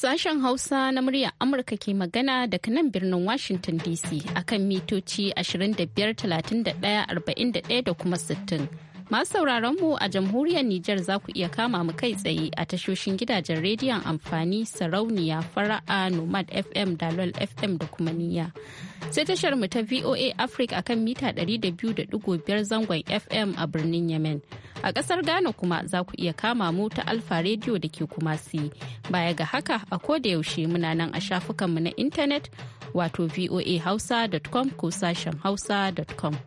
Sashen Hausa na murya Amurka ke magana daga nan birnin Washington DC akan mitoci 25, 31, 41 da kuma 60. Masu sauraron mu a jamhuriyar Nijar za ku iya kama mu kai tsaye a tashoshin gidajen rediyon amfani sarauniya fara'a Nomad FM Dalol FM da kuma niya Sai tashar mu ta VOA Africa akan mita 200.5 zangon FM a birnin Yemen. A ƙasar Ghana kuma za ku iya kama mu ta Alfa Radio da ke kuma si. Baya ga haka a koda yaushe muna nan a shafukanmu na intanet wato voa voahausa.com ko sashen hausa.com.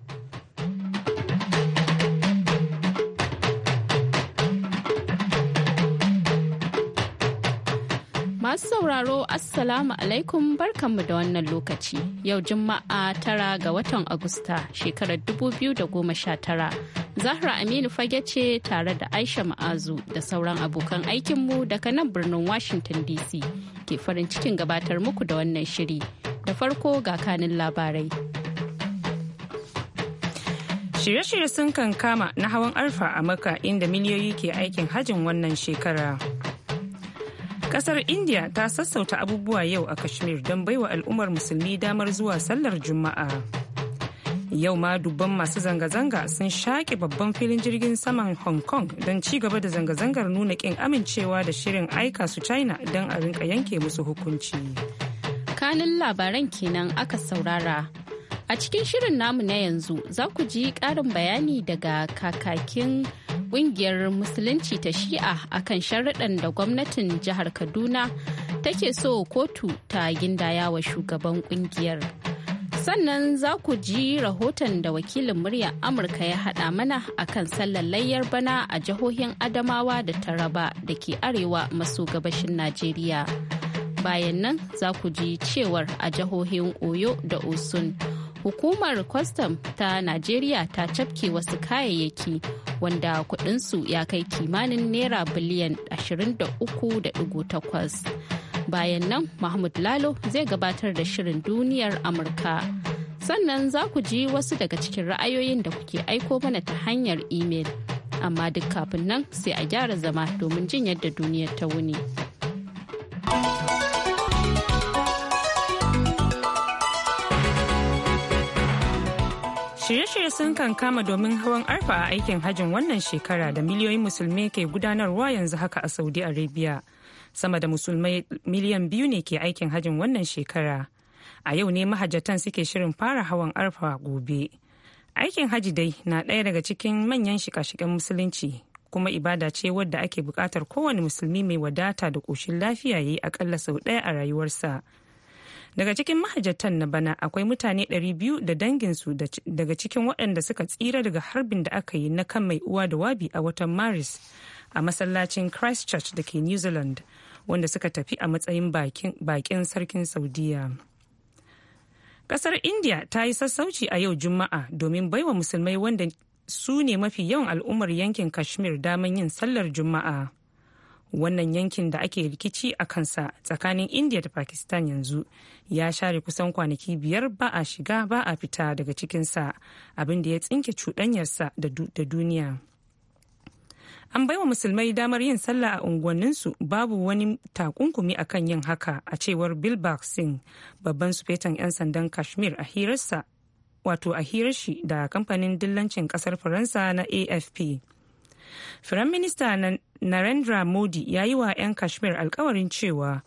Masu sauraro Assalamu alaikum barkanmu da wannan lokaci. Yau Juma'a tara ga watan Agusta shekarar 2019. Zahra Aminu fage ce tare da Aisha Ma'azu da sauran abokan aikinmu daga nan birnin Washington DC ke farin cikin gabatar muku da wannan shiri. Da farko ga kanin labarai. Shirye-shirye sun kankama na hawan arfa a maka inda miliyoyi ke aikin hajin wannan shekara. Kasar India ta sassauta abubuwa yau a Kashmir don baiwa al'ummar musulmi damar zuwa sallar Juma'a. Yau ma dubban masu zanga-zanga sun shaƙe babban filin jirgin saman Hong Kong don ci gaba da zanga-zangar nuna ƙin amincewa da shirin aika su China don a rinka yanke musu hukunci. Kanin labaran kenan aka saurara. A cikin shirin namu na yanzu za ku ji ƙarin bayani daga kakakin kungiyar musulunci ta shi'a akan sharaɗan da gwamnatin jihar kaduna take so kotu ta gindaya wa shugaban kungiyar sannan za ku ji rahoton da wakilin murya amurka ya haɗa mana a kan layyar bana a jihohin adamawa da taraba da ke arewa maso gabashin najeriya bayan nan za ku ji cewar a jihohin oyo da osun hukumar kwastam ta najeriya ta cafke wasu kayayyaki wanda kudinsu ya kai kimanin naira biliyan 23.8 bayan nan mahmud lalo zai gabatar da shirin duniyar amurka sannan za ku ji wasu daga cikin ra'ayoyin da kuke aiko mana ta hanyar imel amma duk kafin nan sai a gyara zama domin jin yadda duniyar ta wuni. Shirye-shirye sun kan kama domin hawan arfa a aikin hajjin wannan shekara da miliyoyin musulmai ke gudanarwa yanzu haka a Saudi Arabia. Sama da musulmai miliyan biyu ne ke aikin hajjin wannan shekara. A yau ne mahajjatan suke shirin fara hawan arfa gobe. Aikin haji dai na ɗaya daga cikin manyan shika shiken musulunci kuma ibada ce wadda ake buƙatar kowane musulmi mai wadata da ƙoshin lafiya ya yi akalla sau ɗaya a rayuwarsa. daga cikin mahajjatan na bana akwai mutane 200 da danginsu daga cikin waɗanda suka tsira daga harbin da aka yi na kan mai uwa da wabi a watan maris a masallacin christchurch da ke new zealand wanda suka tafi a matsayin bakin sarkin saudiya kasar india ta yi sassauci a yau juma'a domin baiwa musulmai wanda su ne mafi yawan al'ummar yankin kashmir daman yin sallar juma'a wannan yankin da ake rikici a kansa tsakanin india da pakistan yanzu ya share kusan kwanaki biyar ba a shiga ba a fita daga cikinsa abinda ya tsinke cuɗanyarsa da duniya an baiwa musulmai damar yin sallah a unguwanninsu babu wani takunkumi akan yin haka a cewar bill singh babban sufetan 'yan sandan kashmir a hirarsa wato a hirar shi da kamfanin dillancin kasar faransa na afp Firaminista Narendra Modi ya yi wa 'yan Kashmir alkawarin cewa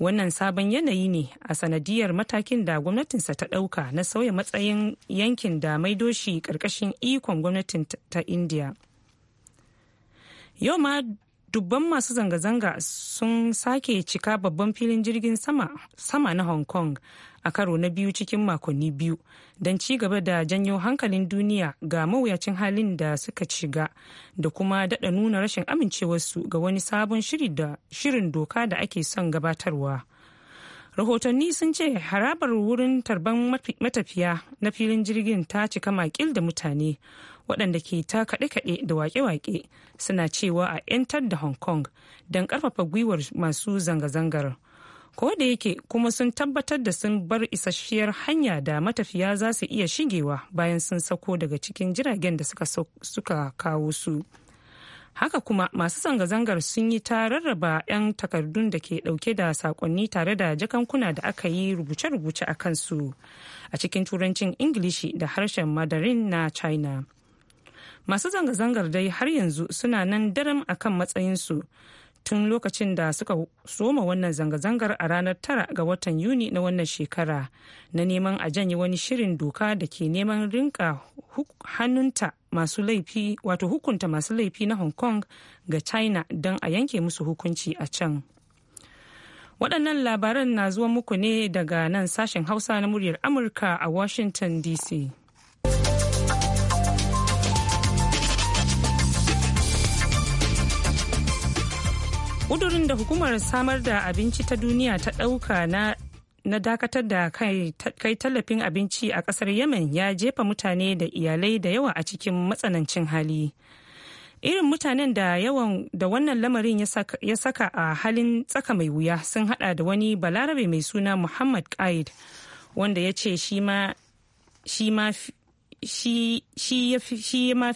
wannan sabon yanayi ne a sanadiyar matakin da gwamnatinsa ta ɗauka na sauya matsayin yankin da maido shi ƙarƙashin ikon gwamnatin ta India. Yau ma dubban masu zanga-zanga sun sake cika babban filin jirgin sama, sama na Hong Kong a karo na biyu cikin makonni biyu don ci gaba da janyo hankalin duniya ga mawuyacin halin da suka shiga da kuma daɗa nuna rashin amincewarsu ga wani sabon shirin doka da ake son gabatarwa. rahotanni sun ce harabar wurin tarban matafiya na filin jirgin ta cika makil da mutane waɗanda ke ta kaɗe-kaɗe da waƙe-waƙe suna cewa a 'yantar da hong kong don ƙarfafa gwiwar masu zanga-zangar. ko da yake kuma sun tabbatar da sun bar isasshiyar hanya da matafiya za su iya shigewa bayan sun sako daga cikin jiragen da suka kawo su haka kuma masu zanga-zangar sun yi ta rarraba 'yan takardun da ke dauke da sakonni tare da jakankuna da aka yi rubuce-rubuce a kansu a cikin turancin ingilishi da harshen madarin na china masu zanga-zangar dai har yanzu suna nan daram akan matsayinsu tun lokacin da suka soma wannan zanga-zangar a ranar tara ga watan yuni na wannan shekara na neman a janye wani shirin doka da ke neman rinka hannunta masu laifi wato hukunta masu laifi na hong kong ga china don a yanke musu hukunci a can waɗannan labaran na zuwa muku ne daga nan sashen hausa na muryar amurka a washington dc kudurin da hukumar samar da abinci ta duniya ta ɗauka na na dakatar da kai tallafin abinci a kasar yemen ya jefa mutane da iyalai da yawa a cikin matsanancin hali irin mutanen da yawan da wannan lamarin ya saka a halin tsaka mai wuya sun hada da wani balarabe mai suna muhammad qaid wanda ya ce shi ma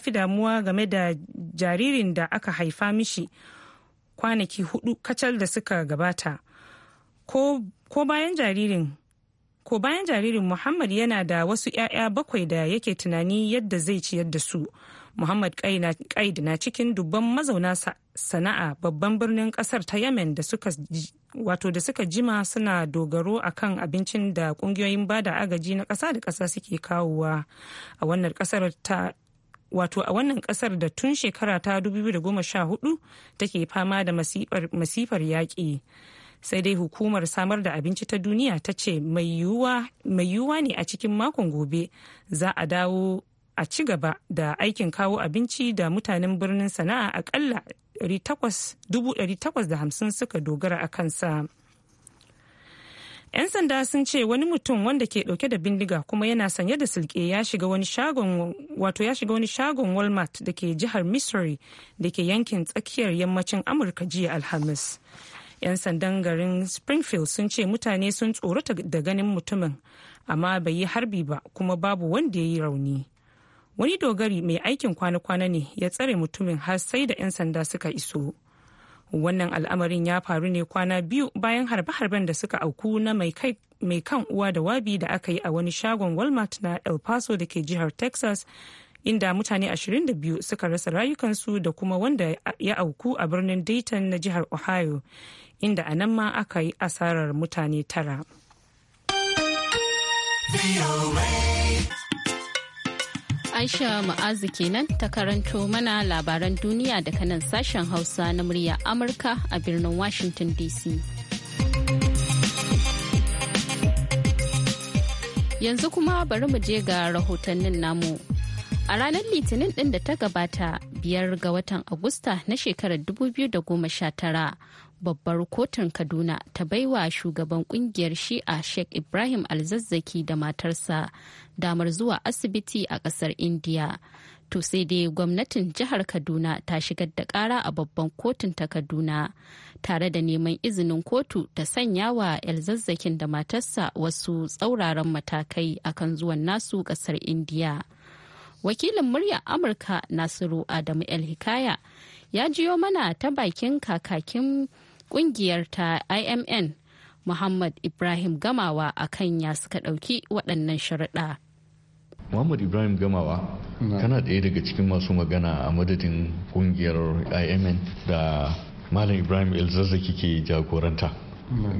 fi damuwa game da jaririn da aka haifa mishi kwanaki hudu kacal da suka gabata ko, bayan jaririn ko bayan jaririn muhammad yana da wasu 'ya'ya bakwai da yake tunani yadda zai ciyar da su muhammad kaid na cikin dubban mazauna sana'a babban birnin kasar ta yemen da suka wato da suka jima suna dogaro akan abincin da kungiyoyin bada agaji na kasa da kasa suke kawowa a wannan kasar ta wato a wannan kasar da tun shekara ta 2014 take fama da masifar yaƙi sai dai hukumar samar da abinci ta duniya ta ce mai yiwuwa ne a cikin makon gobe za a dawo a ci gaba da aikin kawo abinci da mutanen birnin sana'a akalla 850 suka dogara a kansa. 'Yan sanda sun ce wani mutum wanda ke dauke da bindiga kuma yana sanye da silke ya shiga wani shagon wato ya shiga wani shagon Walmart da ke jihar Missouri da ke yankin tsakiyar yammacin Amurka jiya Alhamis. 'Yan sandan garin Springfield sun ce mutane sun tsorata da ganin mutumin amma bai yi harbi ba kuma babu wanda ya yi rauni. Wani dogari mai aikin kwana-kwana ne ya tsare mutumin har sai da 'yan sanda suka iso. wannan al'amarin ya faru ne kwana biyu bayan harbe-harben da suka auku na mai kan uwa da wabi da aka yi a wani shagon walmart na el paso da ke jihar texas inda mutane 22 suka rasa rayukansu da kuma wanda ya auku a birnin dayton na jihar ohio inda a nan ma aka yi asarar mutane tara. Aisha Ma'azu kenan ta karanto mana labaran duniya daga nan sashen Hausa na murya Amurka a birnin Washington DC. Yanzu kuma bari mu je ga rahotannin namu. A ranar Litinin ɗin da ta gabata biyar ga watan Agusta na shekarar 2019 babbar kotun kaduna ta baiwa shugaban kungiyar shi'a sheikh ibrahim alzazzaki da matarsa damar zuwa asibiti a kasar india to sai dai gwamnatin jihar kaduna ta shigar da kara a babban kotun ta kaduna tare da neman izinin kotu ta sanya wa alzazzakin da matarsa wasu tsauraran matakai akan zuwan nasu kasar india wakilin muryar amurka nasiru adamu el hikaya ya jiyo mana ta bakin kakakin kungiyar ta imn muhammad ibrahim gamawa a kan ya suka ɗauki waɗannan sharaɗa muhammad ibrahim gamawa kana ɗaya daga cikin masu magana a madadin kungiyar imn da malam ibrahim elzazzaki ke jagoranta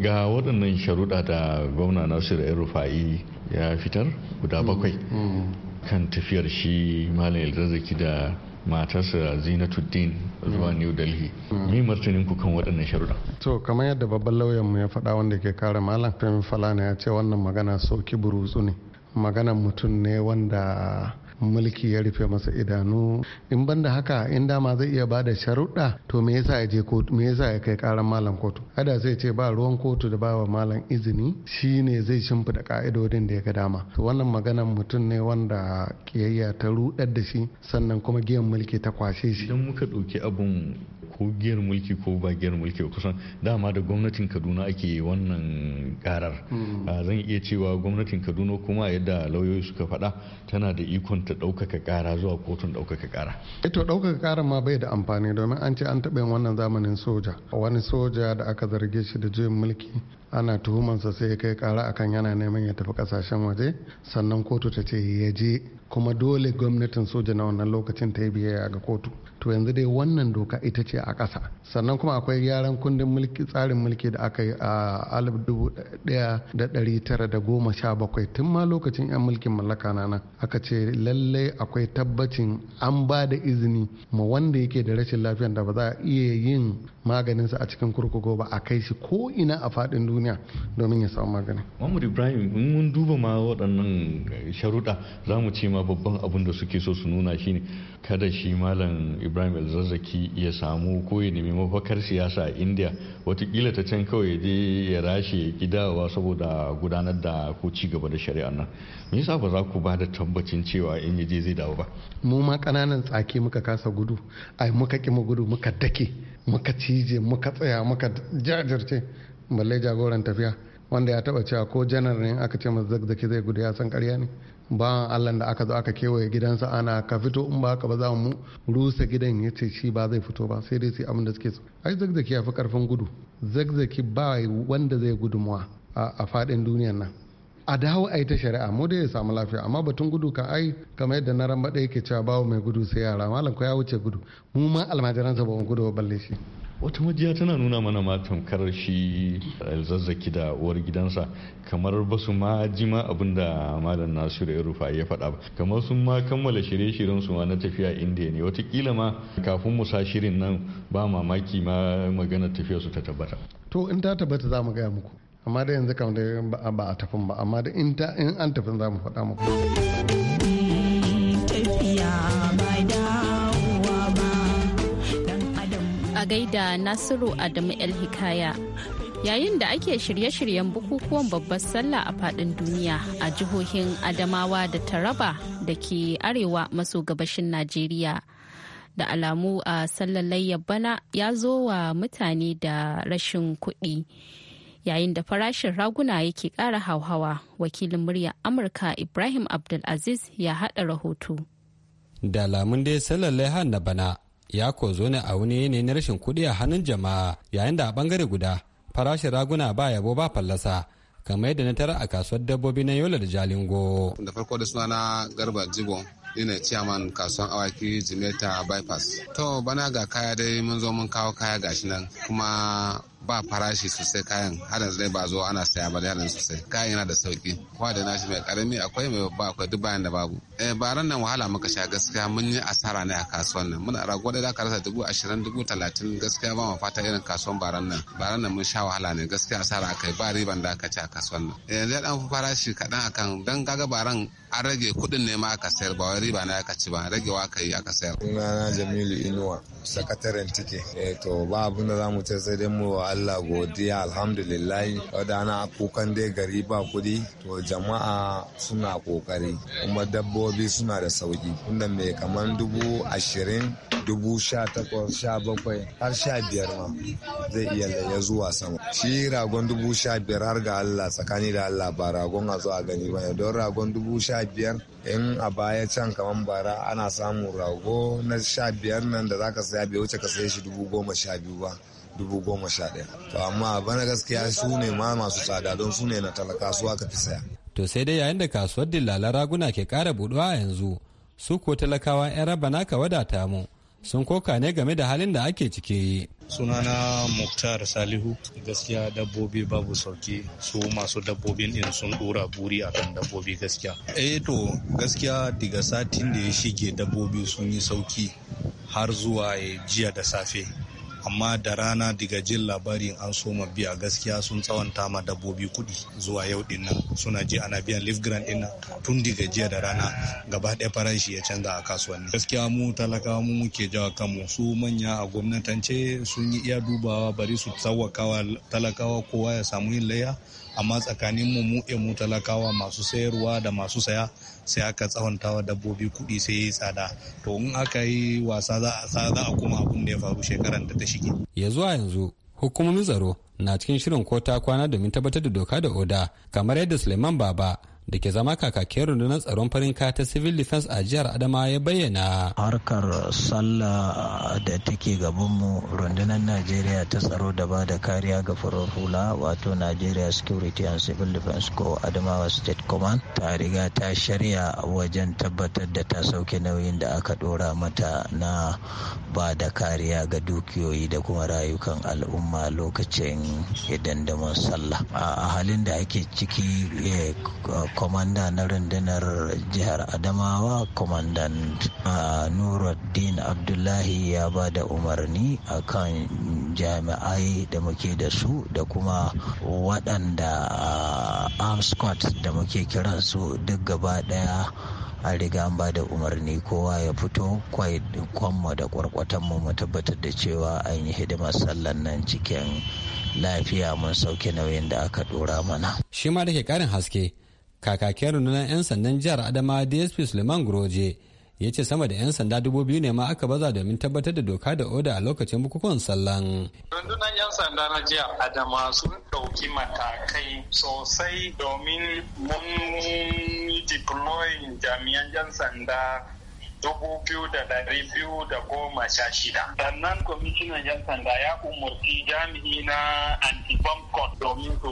ga waɗannan sharuɗa da gwamna nasiru rufa'i ya fitar guda mm. bakwai mm. kan tafiyar shi malam elzazzaki da matarsa zinatuddin zuwa new delhi mi mm. martanin ku kan waɗannan sharuɗa to kamar yadda babban lauyan mu ya faɗa wanda ke kare malam femi falana ya ce wannan magana sauki burutsu ne maganan mutum ne wanda mulki ya rufe masa idanu in ban da haka in dama zai iya bada sharuɗa to me yasa ya je kotu me yasa ya kai karan malam kotu ada sai ce ba ruwan kotu da bawa malam izini shine zai shimfida ka'idodin da ya ga dama to wannan maganan mutum ne wanda kiyayya ta rudar da shi sannan kuma giyan mulki ta kwashe shi idan muka ɗauki abun ko giyar mulki ko ba giyar mulki kusan dama da gwamnatin kaduna ake wannan karar hmm. ah, zan iya cewa gwamnatin kaduna kuma yadda lauyoyi suka faɗa tana da ikon ta ɗaukaka kara zuwa kotun ɗaukaka kara ito eh ɗaukaka kara ma bai da amfani domin an ce an taɓa yin wannan zamanin soja wani soja da aka zarge shi da juyin mulki ana tuhumansa sai ya kai kara akan yana neman ya tafi kasashen waje sannan kotu ta ce ya je kuma dole gwamnatin soja na wannan lokacin ta yi biyayya ga kotu to yanzu dai wannan doka ita ce a ƙasa sannan kuma akwai gyaran kundin mulki tsarin mulki da aka yi a 1917 tun ma lokacin 'yan mulkin mallaka na aka ce lallai akwai tabbacin an ba da izini ma wanda yake da rashin lafiyan da ba za a iya yin Maganin sa a cikin kurkuku ba a kai shi ko ina a faɗin duniya domin ya samu magani. Mahmud Ibrahim in mun duba ma waɗannan sharuɗa za mu ce ma babban abin da suke so su nuna shine kada shi malam Ibrahim el-zazzaki ya samu ko ya nemi mafakar siyasa a India watakila ta can kawai ya je ya rashe gidawa saboda gudanar da ko ci gaba da shari'a nan. Me yasa ba za ku ba da tabbacin cewa in ya je zai dawo ba? Mu ma ƙananan tsaki muka kasa gudu, ai muka ƙi mu gudu muka dake. muka cije muka tsaya muka jajirce balle jagoran tafiya wanda ya taba cewa ko janar ne aka ce masa zagzaki zai gudu ya san karya ne ba allah da aka zo aka kewaye gidansa ana ka fito in ba haka ba za mu rusa gidan ya ce shi ba zai fito ba sai dai sai abin da suke so ai zagzaki ya fi karfin gudu zagzaki ba wanda zai gudunmuwa a faɗin duniyan nan a dawo a yi ta shari'a mu da ya samu lafiya amma batun gudu ka ai kamar yadda na ramba da yake cewa bawo mai gudu sai yara malam ko ya wuce gudu mu ma almajiransa ba mu gudu ba balle shi wata majiya tana nuna mana ma tamkar shi eh, zazzaki da uwar gidansa kamar ba su ma ji ma abin da malam nasiru ya rufa ya faɗa ba kamar sun ma kammala shirye-shiryen su ma na tafiya indiya ne watakila ma kafin mu sa shirin nan ba mamaki ma magana tafiya su ta tabbata to in ta tabbata za mu gaya muku amma da yanzu kam da ba a tafin ba amma da in an tafin za mu faɗa muku a gaida nasiru adamu el hikaya yayin da ake shirye-shiryen bukukuwan babbar sallah a fadin duniya a jihohin adamawa da taraba da ke arewa maso gabashin najeriya da alamu a sallar bana ya zo wa mutane da rashin kuɗi yayin da farashin raguna yake kara hauhawa wakilin murya amurka ibrahim abdulaziz ya haɗa rahoto da lamun dai sallar laihan na bana ya ko zo ne a wani yanayin na rashin kuɗi a hannun jama'a yayin da a bangare guda farashin raguna ba yabo ba fallasa kamar yadda na tara a kasuwar dabbobi na yola da jalingo da farko da na garba jibo ina ciyaman kasuwan awaki jimeta bypass to bana ga kaya dai mun zo mun kawo kaya gashi nan kuma ba farashi sosai kayan har yanzu dai ba zo ana saya ba da sosai kayan yana da sauki kuma da nashi mai karami akwai mai babba akwai duk bayan da babu eh baran nan wahala muka sha gaskiya mun yi asara ne a kasuwan nan muna rago da zaka rasa dubu ashirin dubu talatin gaskiya ba mu fata irin kasuwan baran nan baran nan mun sha wahala ne gaskiya asara akai ba riban da aka ci a kasuwan nan eh, yanzu dan farashi kaɗan akan dan kaga baran an rage kuɗin ne ma aka sayar ba wai riba na aka ci ba rage aka yi aka sayar. Sunana Jamilu Inuwa sakataren tike. Eh to ba abin da za mu ce sai dai mu Allah godiya alhamdulillahi wadana kukan dai gari ba kudi to jama'a suna kokari kuma dabbobi suna da sauki tunda mai kaman dubu ashirin dubu sha takwas sha bakwai har sha biyar ma zai iya laye zuwa sama shi ragon dubu sha biyar har ga Allah tsakani da Allah ba ragon a zuwa gani ba don ragon dubu sha biyar in a baya can kaman bara ana samun rago na sha biyar nan da zaka saya bai wuce ka saye shi dubu goma sha biyu ba dubu goma sha to amma bana gaskiya su ne ma masu tsada don su ne na talaka su aka fi saya to sai dai yayin da kasuwar dillalan raguna ke ƙara buɗuwa a yanzu su ko talakawa 'yan raba naka wadata mu sun koka ne game da halin da ake cike yi. sunana muktar salihu gaskiya dabbobi babu sauki su masu dabbobin in sun dora buri akan dabbobi gaskiya eh to gaskiya daga satin da ya shige dabbobi sun yi sauki har zuwa jiya da safe amma da rana daga jin labarin an soma biya gaskiya sun tsawanta ma dabbobi kuɗi zuwa yau din suna ji ana biyan leaf grand din tun daga jiya da rana gaba ɗaya farashi ya canza a kasuwanni gaskiya mu talakawa mu muke jawa kanmu su manya a gwamnatance sun yi iya dubawa bari su tsawakawa talakawa kowa ya samu yin layya amma tsakanin mu mu mu talakawa masu sayarwa da masu saya sai aka tsawantawa dabbobi kuɗi sai ya tsada to in aka yi wasa za a kuma abun da ya faru shekaran da ta shige ya zuwa yanzu hukumomin tsaro na cikin shirin ko ta kwana domin tabbatar da doka da oda kamar yadda suleiman baba da ke zama kakakin rundunar tsaron farin ta civil defense a jihar adama ya bayyana harkar sallah da take gabanmu rundunar najeriya ta tsaro da ba da kariya ga farar hula wato nigeria security and civil defense ko adamawa state command ta riga ta shirya wajen tabbatar da ta sauke nauyin da aka dora mata na ba da kariya ga dukiyoyi da kuma rayukan al'umma lokacin idan da sallah a halin da ake ciki eh, kwamanda na rundunar jihar adamawa kwamandan uh, nuruddin abdullahi ya ba da umarni a kan jami'ai da muke da su da kuma waɗanda uh, amscot da muke kiransu duk gaba ɗaya a riga an ba da umarni kowa ya fito kwanmu da kwarkwatanmu mu tabbatar da cewa an yi hidimar sallan nan cikin lafiya mun sauke nauyin da aka dora mana. Shi ma da ke karin haske kakakin rundunar 'yan sandan jihar adama dsp suleiman groje ya ce sama da 'yan sanda dubu biyu ne ma aka baza domin tabbatar da doka da oda a lokacin bukukuwan sallan. rundunar 'yan sanda na jihar adama sun ɗauki matakai sosai domin mun deploying jami'an 'yan sanda dubu biyu da dari biyu da goma sha shida. Sannan kwamishinan 'yan sanda ya umarci jami'i na anti-bomb domin su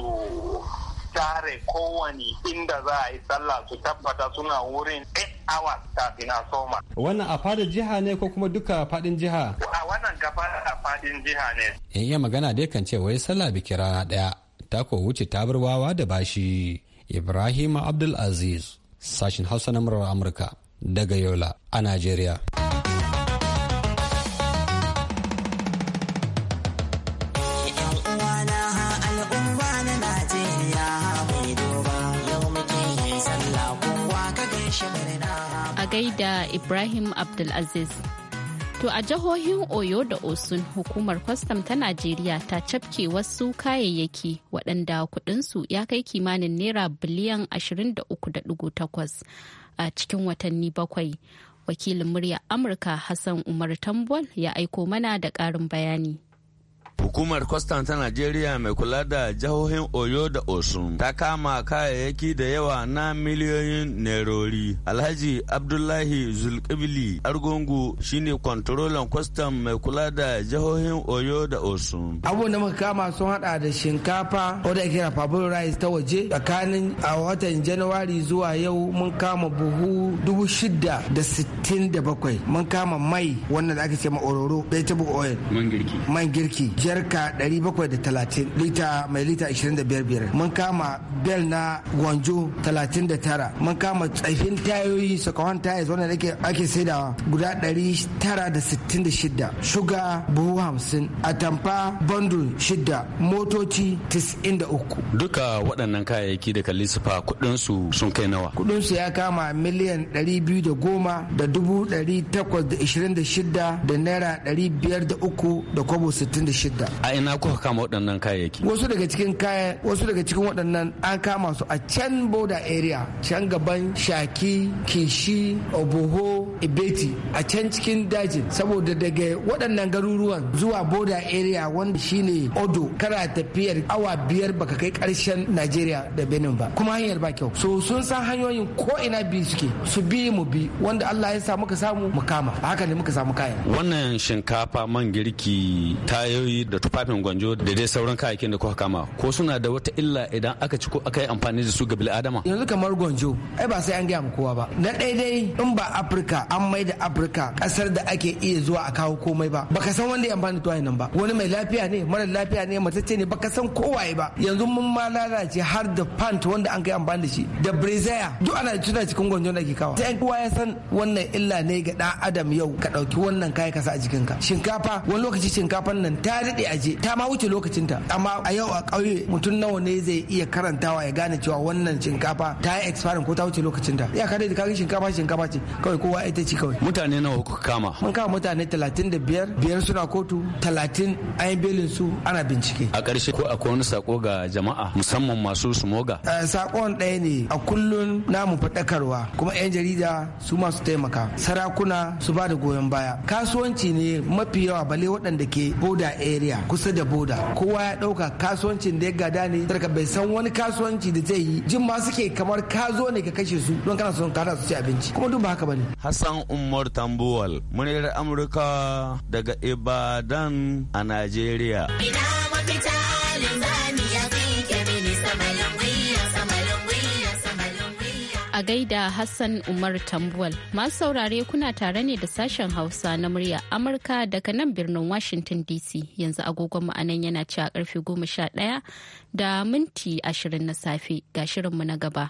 share kowane inda za a yi sallah su tabbata suna wurin 8 hours kafin a soma. Wannan a fadin jiha ne ko kuma duka fadin jiha? A wannan gaba a fadin jiha ne. In iya magana dai kan ce wai sallah bikin rana ɗaya ta ko wuce tabar wawa da bashi. Ibrahim AbdulAziz, Aziz, sashin Hausa na Amurka daga Yola a Najeriya. A gaida Ibrahim Abdulaziz. To a jihohin Oyo da Osun hukumar kwastam ta Najeriya ta cafke wasu kayayyaki waɗanda kuɗinsu ya kai kimanin naira biliyan 23.8 a cikin watanni bakwai. Wakilin murya Amurka Hassan Umar Tambol ya aiko mana da ƙarin bayani. Hukumar kwastan ta Najeriya mai kula da jihohin Oyo da Osun ta kama kayayyaki da yawa na miliyoyin nerori. Alhaji Abdullahi Zulkibli Argungu shine kwantarolan kwastan mai kula da jihohin Oyo da Osun. Abubuwan da muka kama sun hada da shinkafa wadda ake kira Rice ta waje tsakanin a watan janairu zuwa yau mun kama buhu dubu shida da sittin da bakwai. Mun kama mai wannan da ake ce ma ororo vegetable oil. Man girki. Man girki. jarka 730 lita mai lita 25 mun kama bel na gwanjo 39 mun kama tsaifin tayoyi sakawan tayoyi wanda ake saidawa guda 966 shuga buhu 50 atamfa bandu 6 motoci 93 duka waɗannan kayayyaki da kalli sufa kudinsu sun kai nawa kudinsu ya kama miliyan 210 da goma da da naira biyar da uku da kwabo 66 a ina kuka kama waɗannan kayayyaki wasu daga cikin kaya wasu daga cikin waɗannan an kama su a can boda area can gaban shaki kishi oboho ibeti a can cikin daji saboda daga waɗannan garuruwan zuwa boda area wanda shine odo kana tafiyar awa biyar baka kai karshen Nigeria da benin ba kuma hanyar ba kyau so sun san hanyoyin ko ina biyu suke su bi mu bi wanda allah ya sa muka samu mu kama haka ne muka samu kaya wannan shinkafa man girki tayoyi da tufafin gwanjo da dai sauran kayayyakin da kuka kama ko suna da wata illa idan aka ci ko aka yi amfani da su ga adama. yanzu kamar gwanjo ai ba sai an gaya kowa ba na daidai in ba afirka an mai da afirka kasar da ake iya zuwa a kawo komai ba baka san wanda ya amfani da nan ba wani mai lafiya ne mara lafiya ne matacce ne baka san kowaye ba yanzu mun ma lalace har da pant wanda an kai amfani da shi da brizaya duk ana tuna cikin gwanjo da ke kawa sai kowa ya san wannan illa ne ga dan adam yau ka dauki wannan kai ka sa a jikinka shinkafa wani lokaci shinkafan nan ta daɗe aje ta ma wuce lokacinta amma a yau a ƙauye mutum nawa ne zai iya karantawa ya gane cewa wannan shinkafa ta yi expiring ko ta wuce lokacinta ya ka da kaga shinkafa shinkafa ce kawai kowa ita ce kawai mutane nawa kuka kama mun kama mutane 35 biyar suna kotu talatin an yi belin su ana bincike a ƙarshe ko akwai wani sako ga jama'a musamman masu sumoga eh, sakon ɗaya ne a kullun namu faɗakarwa kuma 'yan jarida su masu taimaka sarakuna su ba da goyon baya kasuwanci ne mafi yawa bale waɗanda ke boda area Najeriya kusa da boda kowa ya ɗauka kasuwancin da ya gada ne sarka bai san wani kasuwanci da zai yi jin ma suke kamar ka zo ne ka kashe su don kana son kada su ci abinci kuma duk ba haka bane Hassan Umar Tambuwal muryar Amurka daga Ibadan a Najeriya Ina mafita a gaida Hassan Umar Tambuwal. Masu saurare kuna tare ne da sashen Hausa na murya Amurka daga nan birnin Washington DC yanzu agogon ma'anan yana ci a karfe sha ɗaya da minti ashirin na safe ga shirinmu na gaba.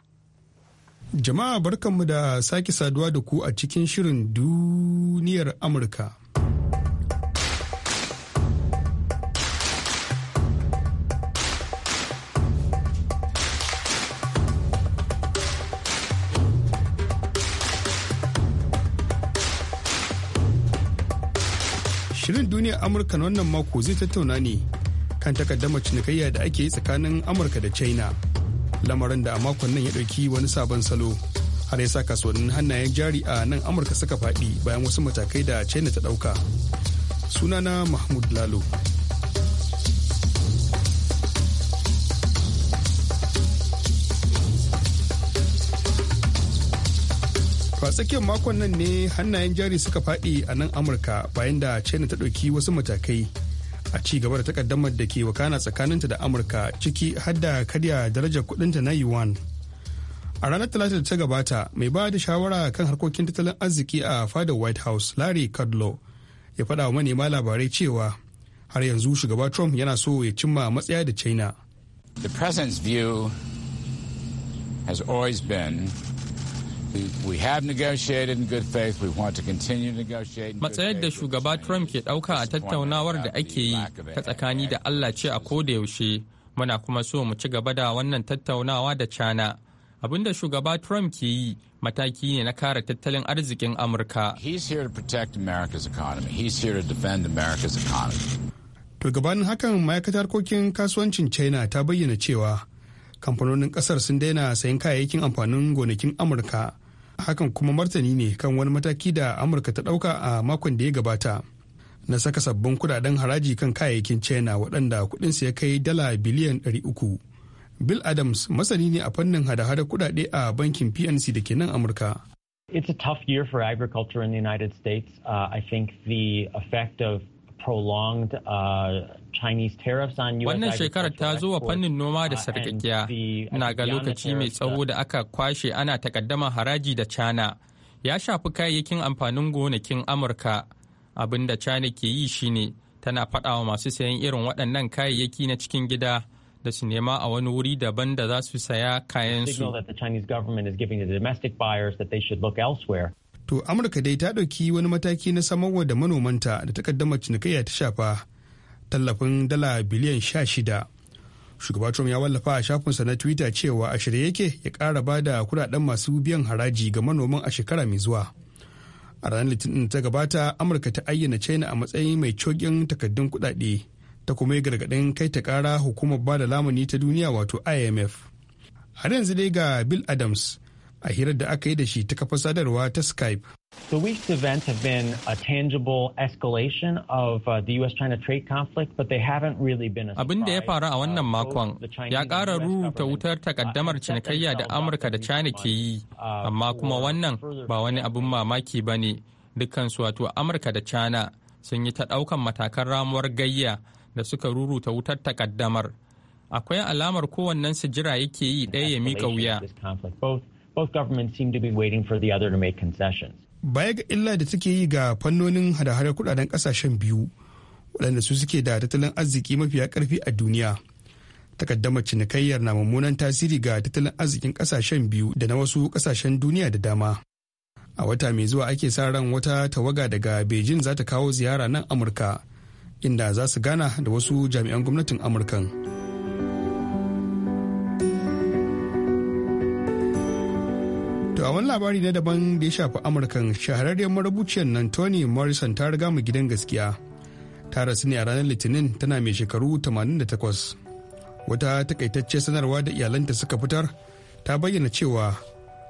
Jama'a barkanmu da sake saduwa da ku a cikin shirin duniyar Amurka. Shirin duniya Amurka na wannan mako zai tattauna ne kan takaddamar cinikayya da ake yi tsakanin Amurka da China. Lamarin da a makon nan ya ɗauki wani sabon salo har ya sa kasuwannin hannayen jari a nan Amurka suka faɗi bayan wasu matakai da China ta ɗauka. Sunana Mahmud Lalo. ba a tsakiyar makon nan ne hannayen jari suka faɗi a nan Amurka bayan da China ta ɗauki wasu matakai a ci gaba da takaddamar da ke wakana tsakaninta da Amurka ciki har da karya darajar kuɗinta na yuan. A ranar Talata da ta gabata, mai ba da shawara kan harkokin tattalin arziki a fadar White House, Larry Kudlow, ya faɗa wa manema labarai cewa har yanzu shugaba Trump yana so ya cimma matsaya da China. The president's view has always been Matsayar da shugaba Trump ke ɗauka a tattaunawar da ake yi ta tsakani da Allah ce a kodayaushe, muna kuma so mu ci gaba da wannan tattaunawa da cana. abinda shugaba Trump ke yi mataki ne na kare tattalin arzikin Amurka. To gabanin hakan ma'aikatar harkokin kasuwancin China ta bayyana cewa kamfanonin kasar sun daina sayan kayayyakin amfanin gonakin Amurka. hakan kuma martani ne kan wani mataki da amurka ta ɗauka a makon da ya gabata na saka sabbin kudaden haraji kan kayayyakin china waɗanda kudinsu ya kai dala biliyan ɗari uku. bill adams masani ne a fannin hada-hada kudade a bankin pnc da ke nan amurka It's a tough year for agriculture in the United States. Uh, I think the effect of prolonged uh, Wannan shekarar ta zo wa fannin noma da uh, sarkakiya uh, na ga lokaci mai uh, tsawo da aka kwashe ana takaddama haraji da cana ya shafi kayayyakin amfanin gonakin Amurka. Abin da cana ke yi shine tana faɗawa masu sayan irin waɗannan kayayyaki na cikin gida da su nema a wani wuri daban da za su saya kayansu. To Amurka dai ta ɗauki wani mataki na samarwa da manomanta da takaddamar cinikayya ta shafa tallafin dala biliyan sha shida shugaba trump ya wallafa a shafinsa na twitter cewa a shirye yake ya kara ba da kudaden masu biyan haraji ga manoman a shekara mai zuwa a ranar litinin ta gabata amurka ta ayyana china a matsayin mai cokin takardun kudade ta kuma yi gargaɗin kai ta kara hukumar ba da lamuni ta duniya wato imf har yanzu dai ga bill adams a hirar da aka yi da shi ta kafa sadarwa ta Skype. The week's events have been a tangible escalation of uh, the U.S.-China trade conflict, but they haven't really been a Abin da ya faru a wannan uh, makon ya ƙara ruruta wutar uh, takaddamar cinikayya da Amurka da China ke yi, uh, amma kuma wannan ba wani abin mamaki ba ne. Dukansu wato Amurka da China sun yi ta ɗaukan matakan ramuwar gayya da suka ruruta wutar takaddamar. Akwai alamar kowannensu jira yake yi ɗaya ya miƙa wuya. both governments seem to be waiting for the other to make concessions. Baya ga illa da take yi ga fannonin hada-hadar kudaden kasashen biyu waɗanda su suke da tattalin arziki mafiya karfi a duniya. Takaddamar cinikayyar na mummunan tasiri ga tattalin arzikin kasashen biyu da na wasu kasashen duniya da dama. A wata mai zuwa ake sa ran wata tawaga daga Beijing za ta kawo ziyara nan Amurka, inda za su gana da wasu jami'an gwamnatin Amurkan. To wani labari na daban da ya shafi Amurkan shahararren marubuciyar nan tony Morrison ta riga mu gidan gaskiya. Ta rasu ne a ranar Litinin tana mai shekaru 88. Wata takaitacce sanarwa da iyalanta suka fitar ta bayyana cewa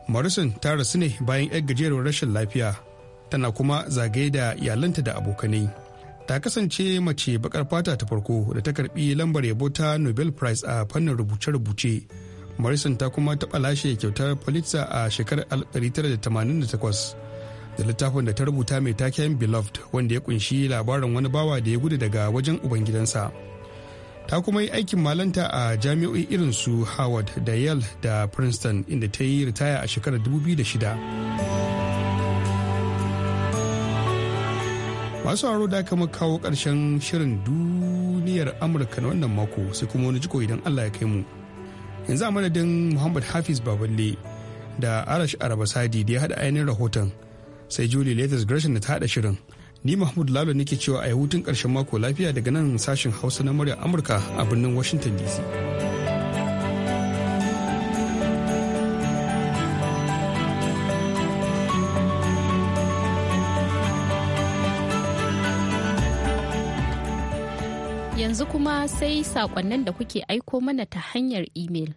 Morrison ta rasu ne bayan 'yar gajeren rashin lafiya tana kuma zagaye da iyalanta da abokanai. Ta kasance mace bakar fata ta farko da ta karbi lambar yabo ta Nobel Prize a fannin rubuce-rubuce. morrison ta kuma taɓa lashe kyautar pulitzer a shekarar 1988 da littafin da ta rubuta mai taken beloved wanda ya kunshi labarin wani bawa da ya gudu daga wajen ubangidansa ta kuma yi aikin malanta a jami'o'i irin su howard da yale da princeton inda ta yi ritaya a shekarar 2006 masu haro da aka kawo karshen shirin duniyar amurka na wannan mako sai kuma wani jiko idan allah ya kai mu yanzu a madadin muhammad hafiz baballe da arash arabasadi da ya haɗa ainihin rahoton sai julie latest gresham da ta haɗa shirin ni mahmud lalo nake cewa a hutun ƙarshen mako lafiya daga nan sashen hausa na murya amurka a birnin washington dc kuma sai sakonnin da kuke aiko mana ta hanyar imel.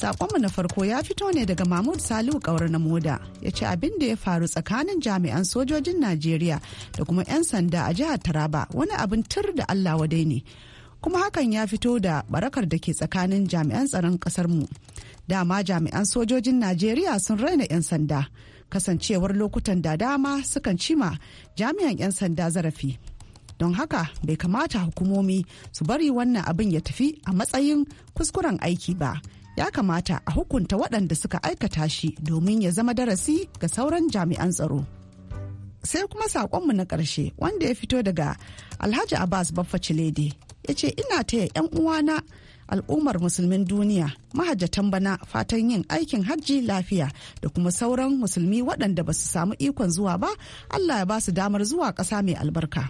Sakonmu na farko ya fito ne daga Mahmud Salihu Kaura na Moda ya ce abin da ya faru tsakanin jami'an sojojin Najeriya da kuma 'yan sanda a jihar Taraba wani abin tur da Allah wadai ne. Kuma hakan ya fito da barakar da ke tsakanin jami'an tsaron kasar mu. Dama jami'an sojojin Najeriya sun raina 'yan sanda kasancewar lokutan da dama sukan cima jami'an 'yan sanda zarafi don haka bai kamata hukumomi su bari wannan abin ya tafi a matsayin kuskuren aiki ba ya kamata a hukunta waɗanda suka aikata shi domin ya zama darasi ga sauran jami'an tsaro sai kuma saƙonmu na ƙarshe wanda ya fito daga alhaji abbas baffa cilede ya ce ina taya 'yan uwana al'ummar musulmin duniya mahajjatan bana fatan yin aikin hajji lafiya da kuma sauran musulmi waɗanda ba su samu ikon zuwa ba allah ya ba su damar zuwa ƙasa mai albarka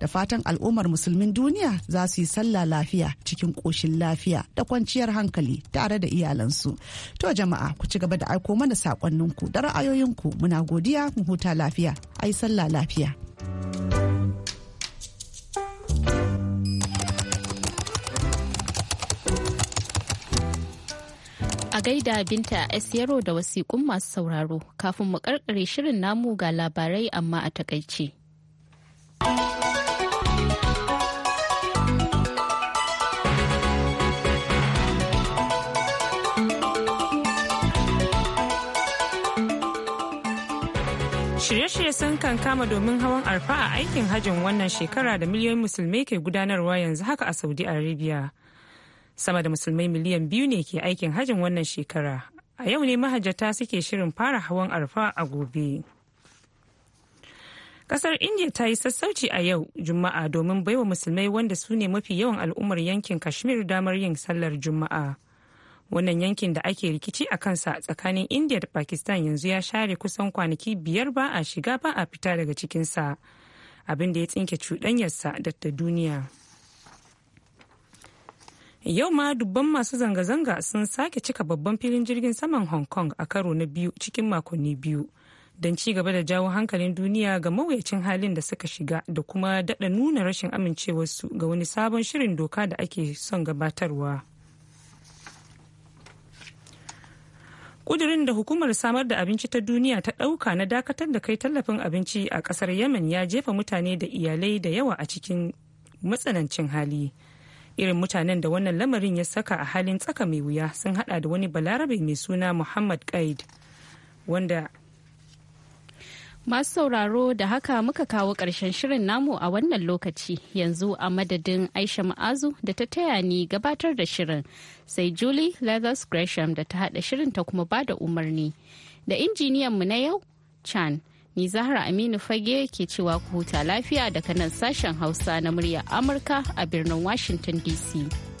da fatan al'ummar musulmin duniya za su yi sallah lafiya cikin ƙoshin lafiya da kwanciyar hankali tare da iyalansu to jama'a ku ci gaba da aiko mana saƙonninku da ra'ayoyinku muna godiya mu huta lafiya ai sallah lafiya. thank gaida Binta a Yaro da wasiƙun masu sauraro kafin mu karkare shirin namu ga labarai amma a takaice. Shirye-shirye sun kan kama domin hawan arfa a aikin hajjin wannan shekara da miliyoyin musulmai ke gudanarwa yanzu haka a Saudi Arabia. sama da musulmai miliyan biyu ne ke aikin hajjin wannan shekara a yau ne mahajjata suke shirin fara hawan arfa a gobe kasar india ta yi sassauci a yau juma'a domin baiwa musulmai wanda su ne mafi yawan al'ummar yankin kashmir damar yin sallar juma'a wannan yankin da ake rikici a kansa tsakanin india da pakistan yanzu ya share kusan kwanaki biyar ba a shiga ba a fita daga cikinsa abin ya tsinke cuɗanyarsa da ta duniya. yau ma dubban masu zanga-zanga sun sake cika babban filin jirgin saman hong kong a karo na biyu cikin makonni biyu don ci gaba da jawo hankalin duniya ga mawuyacin halin da suka shiga da kuma dada nuna rashin amincewarsu ga wani sabon shirin doka da ake son gabatarwa. kudirin da hukumar samar da abinci ta duniya ta ɗauka na dakatar da kai tallafin abinci a kasar yemen ya jefa mutane da iyalai da yawa a cikin matsanancin hali. irin mutanen da wannan lamarin ya saka a halin tsaka mai wuya sun hada da wani balarabe mai suna muhammad qaid wanda Masu sauraro da haka muka kawo ƙarshen shirin namu a wannan lokaci yanzu a madadin Aisha Ma'azu da ta taya ni gabatar da shirin sai Julie Leathers Gresham da ta hada shirin ta kuma bada umarni da injiniyan mu na yau Chan. Ni Zahra Aminu Fage ke cewa ku huta lafiya daga nan sashen Hausa na murya Amurka a birnin Washington DC.